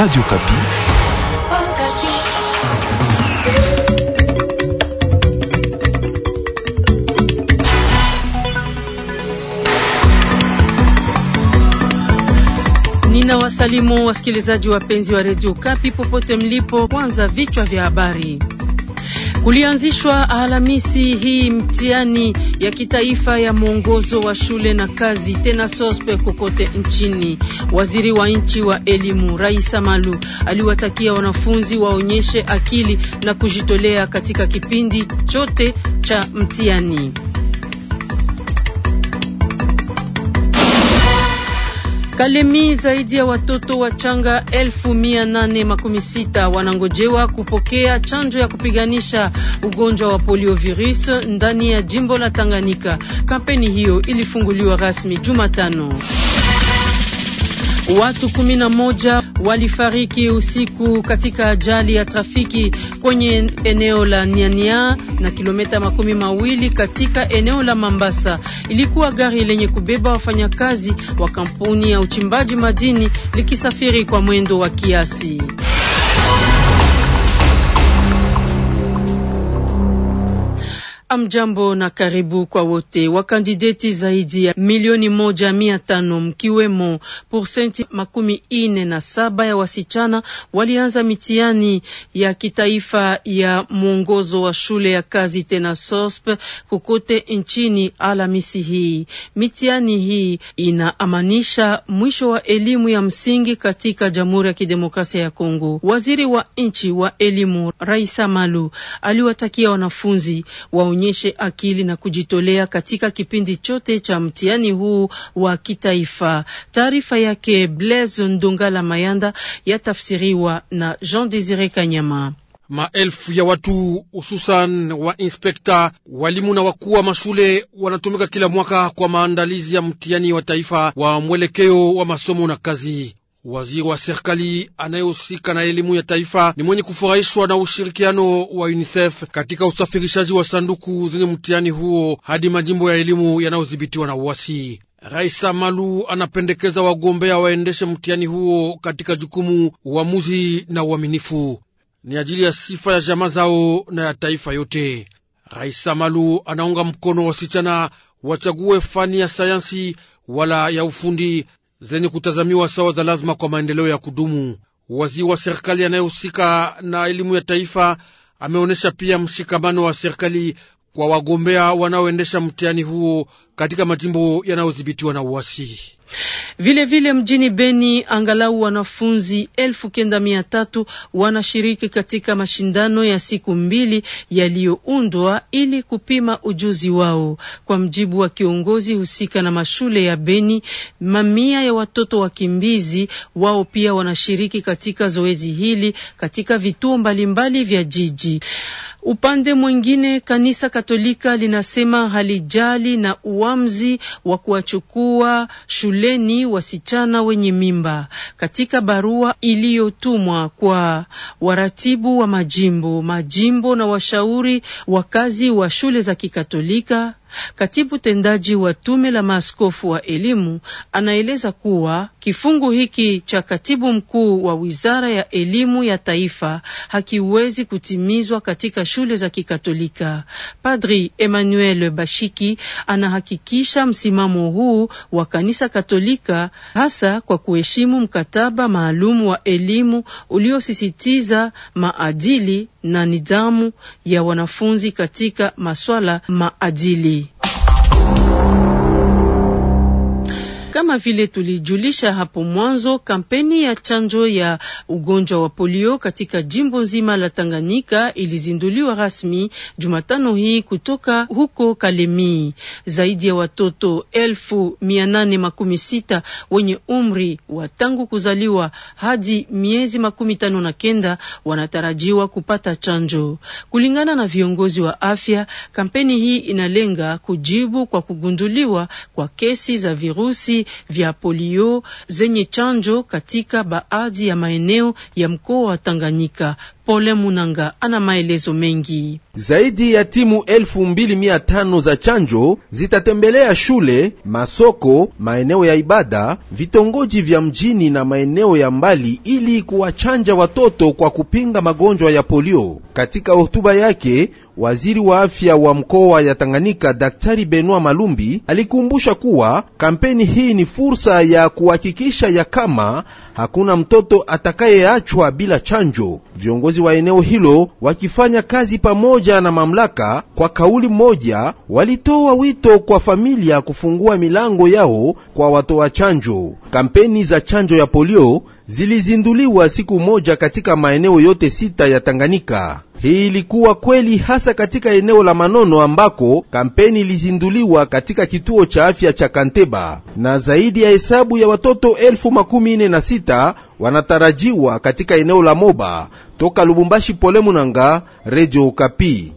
Radio Kapi. Nina wasalimu wasikilizaji wapenzi wa Radio Kapi popote mlipo. Kwanza vichwa vya habari. Kulianzishwa Alhamisi hii mtihani ya kitaifa ya mwongozo wa shule na kazi tena sospe kokote nchini. Waziri wa nchi wa elimu Raisa Malu aliwatakia wanafunzi waonyeshe akili na kujitolea katika kipindi chote cha mtihani. Kalemi, zaidi ya watoto wachanga elfu mia nane wanangojewa kupokea chanjo ya kupiganisha ugonjwa wa poliovirus ndani ya jimbo la Tanganyika. Kampeni hiyo ilifunguliwa rasmi Jumatano. Watu kumi na moja walifariki usiku katika ajali ya trafiki kwenye eneo la niania na kilomita makumi mawili katika eneo la Mambasa. Ilikuwa gari lenye kubeba wafanyakazi wa kampuni ya uchimbaji madini likisafiri kwa mwendo wa kiasi. Amjambo na karibu kwa wote. Wakandideti zaidi ya milioni moja mia tano mkiwemo porsenti makumi ine na saba ya wasichana walianza mitihani ya kitaifa ya mwongozo wa shule ya kazi tena SOSP kokote nchini Alhamisi hii. Mitihani hii inaamanisha mwisho wa elimu ya msingi katika Jamhuri ya Kidemokrasia ya Kongo. Waziri wa nchi wa elimu Raisa Malu aliwatakia wanafunzi wa waonyeshe akili na kujitolea katika kipindi chote cha mtihani huu wa kitaifa. Taarifa yake Blaise Ndongala Mayanda yatafsiriwa na Jean Desire Kanyama. Maelfu ya watu hususan wa inspekta, walimu na wakuu wa mashule wanatumika kila mwaka kwa maandalizi ya mtihani wa taifa wa mwelekeo wa masomo na kazi. Waziri wa serikali anayehusika na elimu ya taifa ni mwenye kufurahishwa na ushirikiano wa UNICEF katika usafirishaji wa sanduku zenye mtihani huo hadi majimbo ya elimu yanayodhibitiwa na uasi. Raisa Malu anapendekeza wagombea waendeshe mtihani huo katika jukumu, uamuzi na uaminifu, ni ajili ya sifa ya jamaa zao na ya taifa yote. Raisa Malu anaunga mkono wasichana wachague fani ya sayansi wala ya ufundi zenye kutazamiwa sawa za lazima kwa maendeleo ya kudumu. Waziri wa serikali anayehusika na elimu ya taifa ameonyesha pia mshikamano wa serikali kwa wagombea wanaoendesha mtihani huo katika majimbo yanayodhibitiwa na uasi. Vile vile mjini Beni, angalau wanafunzi elfu kenda mia tatu wanashiriki katika mashindano ya siku mbili yaliyoundwa ili kupima ujuzi wao. Kwa mjibu wa kiongozi husika na mashule ya Beni, mamia ya watoto wakimbizi wao pia wanashiriki katika zoezi hili katika vituo mbalimbali mbali vya jiji. Upande mwingine, kanisa Katolika linasema halijali na uamuzi wa kuwachukua shuleni wasichana wenye mimba. Katika barua iliyotumwa kwa waratibu wa majimbo majimbo na washauri wakazi wa shule za Kikatolika Katibu tendaji wa tume la maaskofu wa elimu anaeleza kuwa kifungu hiki cha katibu mkuu wa wizara ya elimu ya taifa hakiwezi kutimizwa katika shule za Kikatolika. Padri Emmanuel Bashiki anahakikisha msimamo huu wa kanisa Katolika, hasa kwa kuheshimu mkataba maalum wa elimu uliosisitiza maadili na nidhamu ya wanafunzi katika maswala maadili. Kama vile tulijulisha hapo mwanzo, kampeni ya chanjo ya ugonjwa wa polio katika jimbo nzima la Tanganyika ilizinduliwa rasmi Jumatano hii kutoka huko Kalemi. Zaidi ya watoto elfu mia nane makumi sita wenye umri wa tangu kuzaliwa hadi miezi makumi tano na kenda wanatarajiwa kupata chanjo. Kulingana na viongozi wa afya, kampeni hii inalenga kujibu kwa kugunduliwa kwa kesi za virusi vya polio zenye chanjo katika baadhi ya maeneo ya mkoa wa Tanganyika. Pole Munanga ana maelezo mengi. Zaidi ya timu elfu mbili mia tano za chanjo zitatembelea shule, masoko, maeneo ya ibada, vitongoji vya mjini na maeneo ya mbali ili kuwachanja watoto kwa kupinga magonjwa ya polio. Katika hotuba yake, Waziri wa afya wa mkoa ya Tanganyika Daktari Benoit Malumbi alikumbusha kuwa kampeni hii ni fursa ya kuhakikisha ya kama hakuna mtoto atakayeachwa bila chanjo. Viongozi wa eneo hilo wakifanya kazi pamoja na mamlaka, kwa kauli moja walitoa wito kwa familia kufungua milango yao kwa watoa chanjo. Kampeni za chanjo ya polio zilizinduliwa siku moja katika maeneo yote sita ya Tanganyika. Hii ilikuwa kweli hasa katika eneo la Manono ambako kampeni ilizinduliwa katika kituo cha afya cha Kanteba na zaidi ya hesabu ya watoto elfu makumi ine na sita wanatarajiwa katika eneo la Moba. Toka Lubumbashi, Pole Munanga, Radio kapi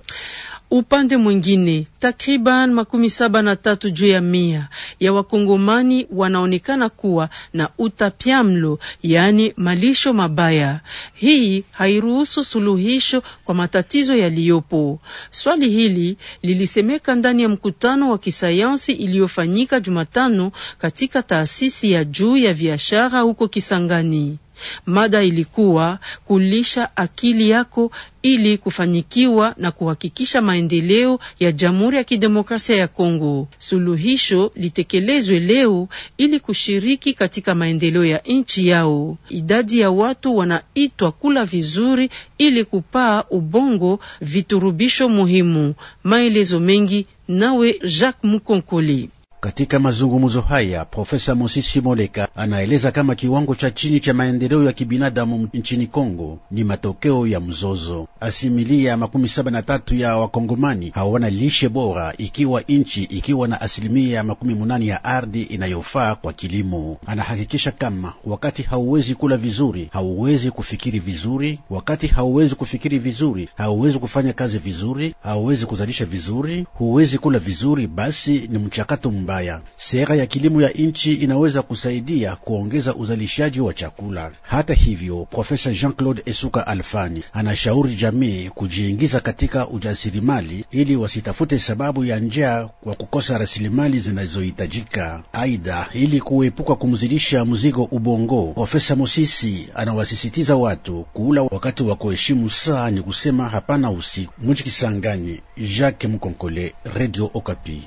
Upande mwingine takriban makumi saba na tatu juu ya mia ya wakongomani wanaonekana kuwa na utapiamlo, yaani malisho mabaya. Hii hairuhusu suluhisho kwa matatizo yaliyopo. Swali hili lilisemeka ndani ya mkutano wa kisayansi iliyofanyika Jumatano katika taasisi ya juu ya biashara huko Kisangani. Mada ilikuwa kulisha akili yako ili kufanyikiwa na kuhakikisha maendeleo ya Jamhuri ya Kidemokrasia ya Kongo. Suluhisho litekelezwe leo ili kushiriki katika maendeleo ya nchi yao. Idadi ya watu wanaitwa kula vizuri ili kupaa ubongo viturubisho muhimu. Maelezo mengi nawe Jacques Mukonkoli. Katika mazungumzo haya Profesa Mosisi Moleka anaeleza kama kiwango cha chini cha maendeleo ya kibinadamu nchini Kongo ni matokeo ya mzozo. Asimilia makumi saba na tatu ya wakongomani hawana lishe bora, ikiwa nchi ikiwa na asilimia makumi munani ya ardhi inayofaa kwa kilimo. Anahakikisha kama wakati hauwezi kula vizuri, hauwezi kufikiri vizuri. Wakati hauwezi kufikiri vizuri, hauwezi kufanya kazi vizuri, hauwezi kuzalisha vizuri, huwezi kula vizuri, basi ni mchakato mba vibaya. Sera ya kilimo ya nchi inaweza kusaidia kuongeza uzalishaji wa chakula. Hata hivyo, Profesa Jean-Claude Esuka Alfani anashauri jamii kujiingiza katika ujasirimali ili wasitafute sababu ya njaa kwa kukosa rasilimali zinazohitajika. Aidha, ili kuepuka kumzidisha mzigo ubongo, Profesa Mosisi anawasisitiza watu kuula wakati wa kuheshimu saa, ni kusema hapana usiku. Mujikisangani, Jacques Mkonkole, Radio Okapi.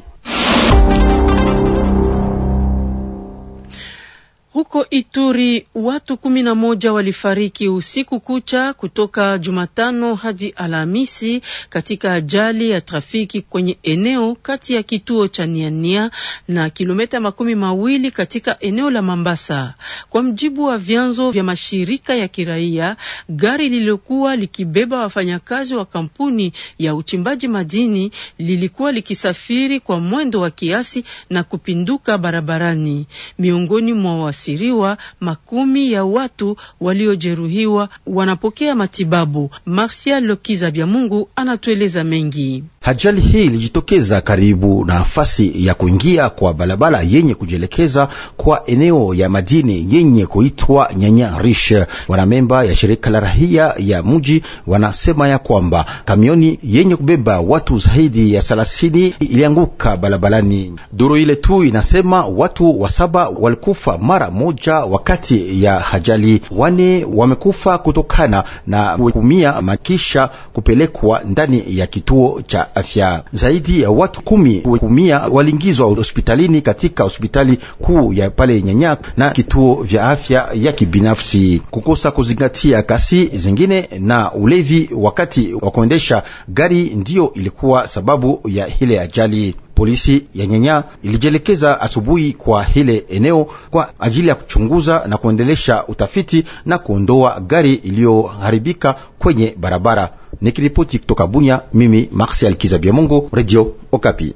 Huko Ituri watu kumi na moja walifariki usiku kucha kutoka Jumatano hadi Alhamisi katika ajali ya trafiki kwenye eneo kati ya kituo cha Niania na kilomita makumi mawili katika eneo la Mambasa. Kwa mjibu wa vyanzo vya mashirika ya kiraia, gari lililokuwa likibeba wafanyakazi wa kampuni ya uchimbaji madini lilikuwa likisafiri kwa mwendo wa kiasi na kupinduka barabarani miongoni mwa waliofasiriwa, makumi ya watu waliojeruhiwa wanapokea matibabu. Marsial Lokiza Bya Mungu anatueleza mengi. Ajali hii ilijitokeza karibu na nafasi ya kuingia kwa balabala yenye kujielekeza kwa eneo ya madini yenye kuitwa Nyanya Rish. Wanamemba ya shirika la rahia ya mji wanasema ya kwamba kamioni yenye kubeba watu zaidi ya salasini ilianguka balabalani. Duru ile tu inasema watu wa saba walikufa mara moja wakati ya ajali, wane wamekufa kutokana na kuumia makisha kupelekwa ndani ya kituo cha afya. Zaidi ya watu kumi kumia walingizwa hospitalini katika hospitali kuu ya pale Nyanya na kituo vya afya ya kibinafsi. Kukosa kuzingatia kasi zingine na ulevi wakati wa kuendesha gari ndiyo ilikuwa sababu ya ile ajali. Polisi ya Nyanya ilijielekeza asubuhi kwa hile eneo kwa ajili ya kuchunguza na kuendelesha utafiti na kuondoa gari iliyoharibika kwenye barabara. Nikiripoti kutoka Bunya, mimi Marcel Kizabia Mungu, Radio Okapi.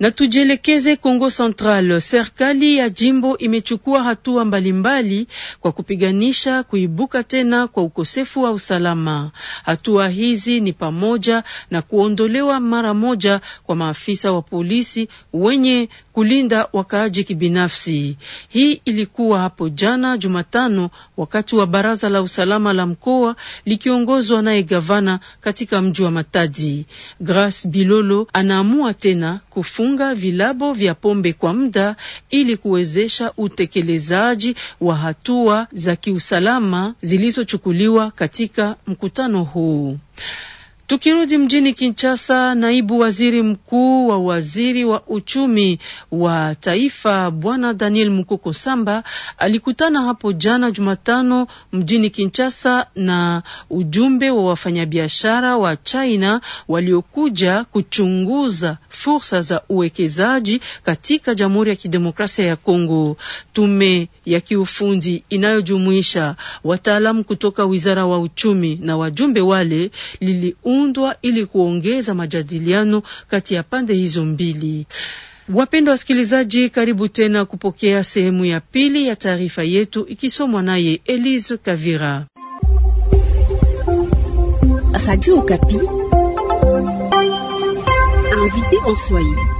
Na tujielekeze Kongo Central. Serikali ya jimbo imechukua hatua mbalimbali kwa kupiganisha kuibuka tena kwa ukosefu wa usalama. Hatua hizi ni pamoja na kuondolewa mara moja kwa maafisa wa polisi wenye kulinda wakaaji kibinafsi. Hii ilikuwa hapo jana Jumatano wakati wa baraza la usalama la mkoa likiongozwa naye gavana katika mji wa Matadi. Grace Bilolo anaamua tena kufunga vilabo vya pombe kwa muda ili kuwezesha utekelezaji wa hatua za kiusalama zilizochukuliwa katika mkutano huu. Tukirudi mjini Kinshasa, naibu waziri mkuu wa waziri wa uchumi wa taifa bwana Daniel Mukoko Samba alikutana hapo jana Jumatano mjini Kinshasa na ujumbe wa wafanyabiashara wa China waliokuja kuchunguza fursa za uwekezaji katika Jamhuri ya Kidemokrasia ya Kongo. Tume ya kiufundi inayojumuisha wataalamu kutoka wizara wa uchumi na wajumbe wale lili kuundwa ili kuongeza majadiliano kati ya pande hizo mbili. Wapendwa wasikilizaji, karibu tena kupokea sehemu ya pili ya taarifa yetu ikisomwa naye Elise Kavira. Radio Okapi invité en Swahili.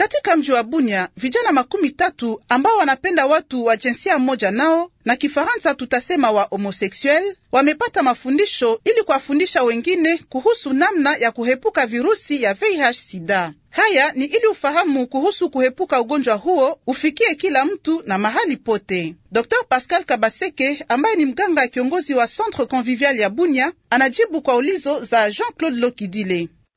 Katika mji wa Bunia, vijana makumi tatu ambao wanapenda watu wa jinsia moja nao na Kifaransa tutasema wa homoseksuel wamepata mafundisho ili kuwafundisha wengine kuhusu namna ya kuhepuka virusi ya VIH sida. Haya ni ili ufahamu kuhusu kuhepuka ugonjwa huo ufikie kila mtu na mahali pote. Dr Pascal Kabaseke ambaye ni mganga kiongozi wa Centre Convivial ya Bunia anajibu kwa ulizo za Jean-Claude Lokidile.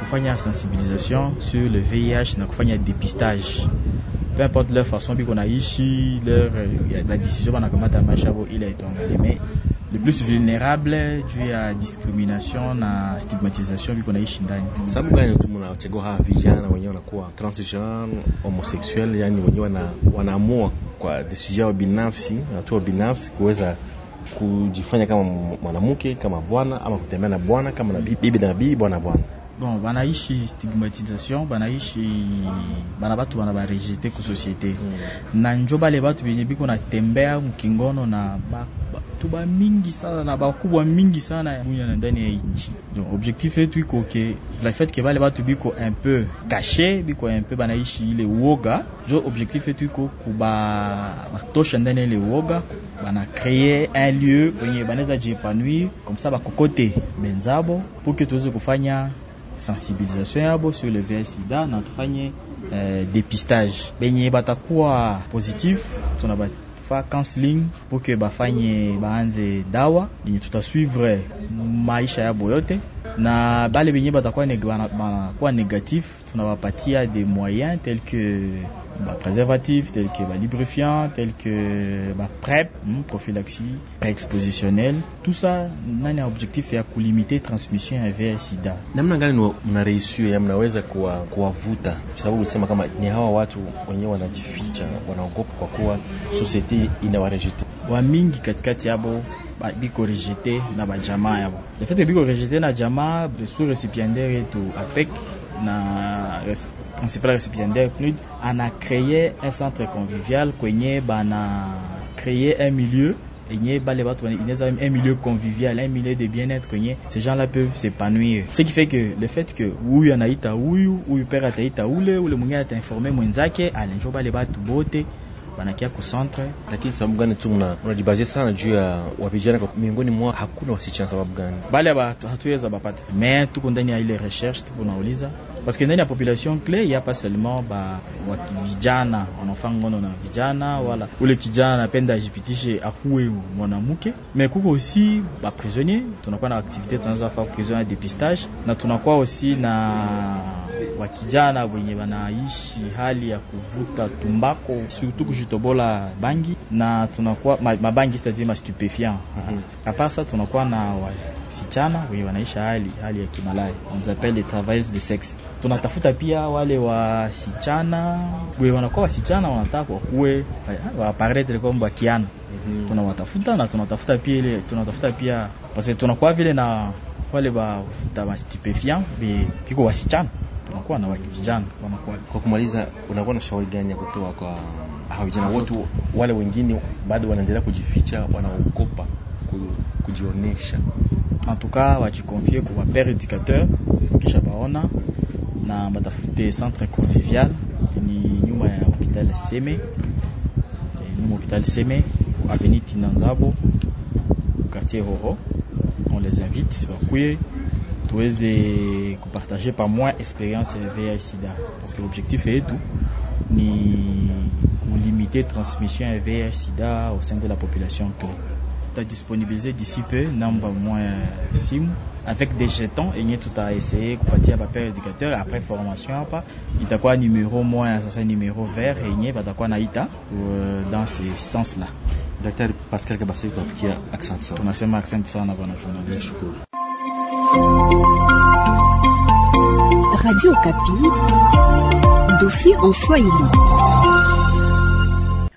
kufanya sensibilisation sur le VIH na kufanya depistage peu importe leur façon biko naishi leur euh, la décision banakamata maisha yabo ile aitongali mais le plus vulnérable juu ya discrimination na stigmatisation biko naishi ndani. Sababu gani tu mnawachagua hawa vijana wenyewe wanakuwa transgenre, homosexuel, yani wenyewe wana, wanaamua kwa decision yao binafsi, hatua binafsi kuweza kujifanya kama mwanamke kama bwana ama kutembea na bwana kama na bibi na bibi, bwana bwana bon banaishi stigmatisation banaishi bana batu bana rejeté ku société mm. na njobale batu benye biko natembea mkingono na batu mingi sana na bakubwa mingi sana ya na ndani ya nchi donc objectif yetu iko ke la fait ke bale batu biko un peu caché biko un peu banaishi ile uoga jo objectif yetu iko kuba batosha ndani ile uoga bana créer un lieu wenye banaweza jiepanouir comme ça kokote benzabo pour que tuweze kufanya sensibilisation yabo sur le VIH sida na tufanye eh, depistage benye batakuwa positif tunabafa counseling poke bafanye baanze dawa yenye tutasuivre maisha yabo yote na bale benye batakuwa neg banakuwa négatif tunabapatia des moyens tel que ba préservatifs tels que ba lubrifiant, tels que ba PrEP, prophylaxie préexpositionnelle. Tout ça nani objectif ya kulimite transmission ya VIH SIDA. Namna gani mnarehisio mnaweza kuwavuta? Kwa sababu ulisema kama ni hawa watu wenyewe wanajificha, wanaogopa kwa kuwa society inawarejeta. Wa mingi katikati yabo biko rejete na bajamaa yabo. Le fait biko rejete na jamaa, le sous-récipiendaire yetu APEC na principal récipiendaire CNUD ana créé un centre convivial kwenye bana créé un milieu enye bale batu inaweza un milieu convivial un milieu de bien-être kwenye ces gens-là peuvent s'épanouir ce qui fait que le fait que huyu anaita huyu huyu père ataita ule ule mwingine atainforme mwenzake alenjo bale batu bote wanakia kucentre. Lakini sababu gani tu unajibazie sana juu ya wavijana miongoni mwao hakuna wasichana? Sababu gani bale hatuweza bapata? Me tuko ndani ya ile recherche, tuko nauliza parce que ndani ya population cle ya seulement ba wa vijana wanaofanya ngono na vijana, wala ule kijana anapenda ajipitishe akuwe mwanamke. Me kuko aussi ba prisonnier, tunakuwa na activité tunazofaa prison ya depistage na tunakuwa aussi na wa kijana wenye wanaishi hali ya kuvuta tumbako surtout kujitobola bangi na tunakuwa mabangi ma mhm. à dire ma stupéfiant mm -hmm. Apasa tunakuwa na wasichana wenye wanaisha hali hali ya kimalaya on appelle les travailleuses de sexe. Tunatafuta pia wale wasichana wenye wanakuwa wasichana wanataka wakuwe waapparaître comme wakiana mm -hmm. Tunawatafuta na tunatafuta pia ile tunatafuta pia parce que tunakuwa vile na wale wavuta ma stupéfiant viko wasichana wanakuwa na vijana wanakuwa. Kwa kumaliza, unakuwa na shauri gani ya kutoa kwa hao vijana ah, wote wale wengine bado wanaendelea kujificha, wanaogopa kujionyesha? Antuka wajikonfie kwa pere educateur, kisha baona na batafute centre convivial ni nyuma ya hospital Seme, nyuma hospital Seme avenue Tinanzabo quartier Hoho, On les invite wakuye tuweze kupartaje pamoja experience ya VIH sida, parce que l'objectif est tout ni kulimiter transmission ya VIH sida au sein de la population ta tutadisponibilize d'ici peu namba moins sim avec des jetons et tout enye tutaeseye kupatia père éducateur après formation hapa itakuwa ça c'est sasa numéro vert et enye quoi naita euh, dans ce sens là Daktari Pascal Kabasi, tunapatia accent sana, tunasema accent sana bwana journaliste. Shukuru. Radio Kapi, dossier en Swahili.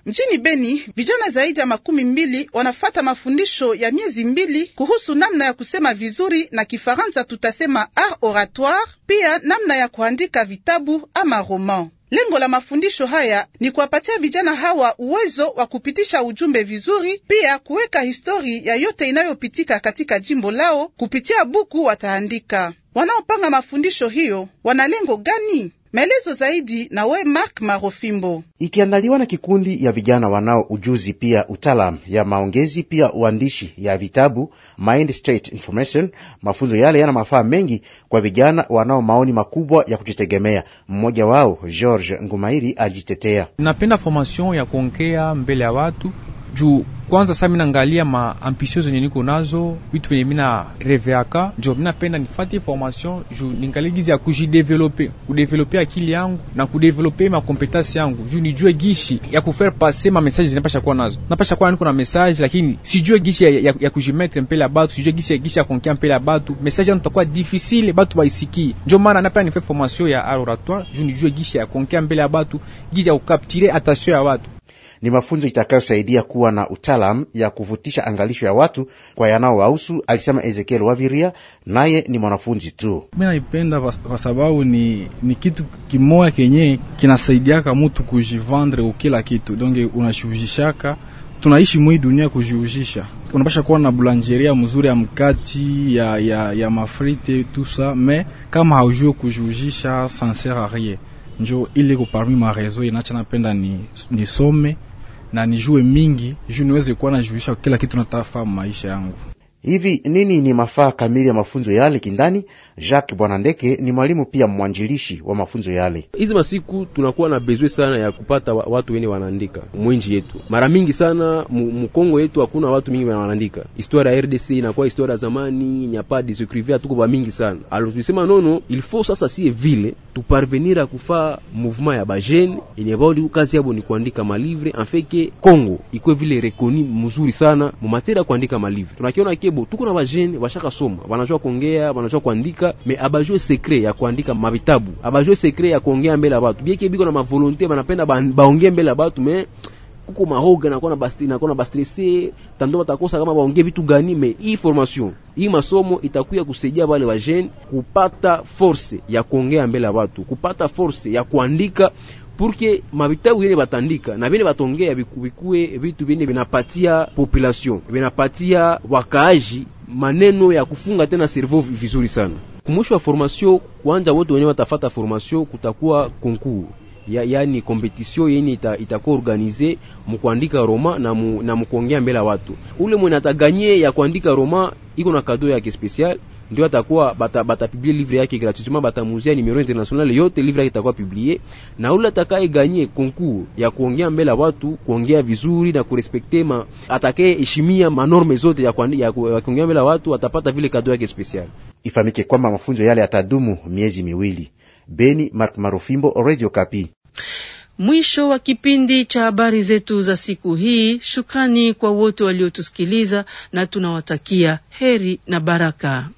Mjini Beni vijana zaidi ya makumi mbili wanafata mafundisho ya miezi mbili kuhusu namna ya kusema vizuri na Kifaransa tutasema art oratoire, pia namna ya kuandika vitabu ama roman. Lengo la mafundisho haya ni kuwapatia vijana hawa uwezo wa kupitisha ujumbe vizuri, pia kuweka histori ya yote inayopitika katika jimbo lao kupitia buku wataandika. Wanaopanga mafundisho hiyo wana lengo gani? Maelezo zaidi nawe Mark Marofimbo. Ikiandaliwa na kikundi ya vijana wanao ujuzi pia utaalamu ya maongezi pia uandishi ya vitabu Mind State Information. Mafunzo yale yana mafaa mengi kwa vijana wanao maoni makubwa ya kujitegemea. Mmoja wao George Ngumairi alijitetea, napenda formation ya kuongea mbele ya watu juu kwanza saa minaangalia ma ambition zenye niko nazo, vitu vyenye mina reveaka, njo minapenda nifate formation juu ningalie gizi ya kujidevelope, kudevelope akili yangu na kudevelope ma competence yangu, juu nijue gishi ya kufaire passer ma message zinapasha kuwa nazo. Napasha kuwa niko na message, lakini sijue gishi ya, ya, ya kujimetre mbele ya batu, sijue gishi ya gishi ya konkia mbele ya batu, message yangu itakuwa difficile batu baisikie. Njo maana napenda nifanye formation ya oratoire, juu nijue gishi ya konkia mbele ya batu, gishi ya kukaptire attention ya watu ni mafunzo itakayosaidia kuwa na utaalam ya kuvutisha angalisho ya watu kwa yanaowahusu, alisema Ezekiel Waviria, naye ni mwanafunzi tu. Mi naipenda kwa sababu ni, ni kitu kimoya kenye kinasaidiaka mutu kujivandre ukila kitu donge unashuhishaka tunaishi mwi dunia kujiuzisha, unapasha kuwa na bulanjeria mzuri ya mkati ya, ya, ya mafrite tusa me kama haujue kujiuzisha sanserarie njo ile ko parmi ma reseau inacha napenda ni some na nijue mingi juu niweze kuwa najuisha kila kitu natafaa maisha yangu. Hivi nini ni mafaa kamili ya mafunzo yale kindani Jacques Bwanandeke ni mwalimu pia mwanjilishi wa mafunzo yale. Hizi masiku tunakuwa na bezwe sana ya kupata watu wenye wanaandika mwinji yetu. Mara mingi sana mkongo yetu hakuna watu mingi wanaandika historia ya RDC, inakuwa historia ya zamani nyapadi sekrivia tuko ba mingi sana alo, tulisema nono ilifo sasa sie vile tuparvenir a kufa mouvement ya bajene yenye bao kazi yabo ni kuandika malivre anfeke Kongo ikwe vile rekoni mzuri sana mumateri ya kuandika malivre. Tunakiona kebo tuko na bajene washaka soma, wanajua kuongea, wanajua kuandika kuandika me abajue sekre ya kuandika mavitabu, abajue sekre ya kuongea mbele ya batu bieke biko na mavolonte banapenda baongee mbele ya batu me kuko mahoga nakuwa na basti nakuwa na bastrese tando batakosa kama baongee vitu gani. Me hii formation hii masomo itakuya kusaidia wale wa jeune kupata force ya kuongea mbele ya watu, kupata force ya kuandika purke mavitabu yene batandika na bene batongea bikue vitu bine binapatia population, binapatia wakaaji maneno ya kufunga tena servo vizuri sana. Kumwisho wa formation kwanza, wote wenyewe watafata formation, kutakuwa concours ya, yani competition yenye ita, itakuwa organize mukuandika roma na, mu, na mukuongea mbele ya watu. Ule mwenye ataganye ya kuandika roma iko na kado yake special ndio atakuwa bata batapiblie livre yake gratuitement, batamuzia numero international yote, livre yake itakuwa publier na ule atakaye ganye concours ya kuongea mbele ya watu, kuongea vizuri na kurespekte ma atakaye heshimia manorme zote ya kuongea mbele ya watu atapata vile kado yake special. Ifahamike kwamba mafunzo yale yatadumu miezi miwili. Beni Mark Marufimbo, Radio Kapi. Mwisho wa kipindi cha habari zetu za siku hii. Shukrani kwa wote waliotusikiliza na tunawatakia heri na baraka.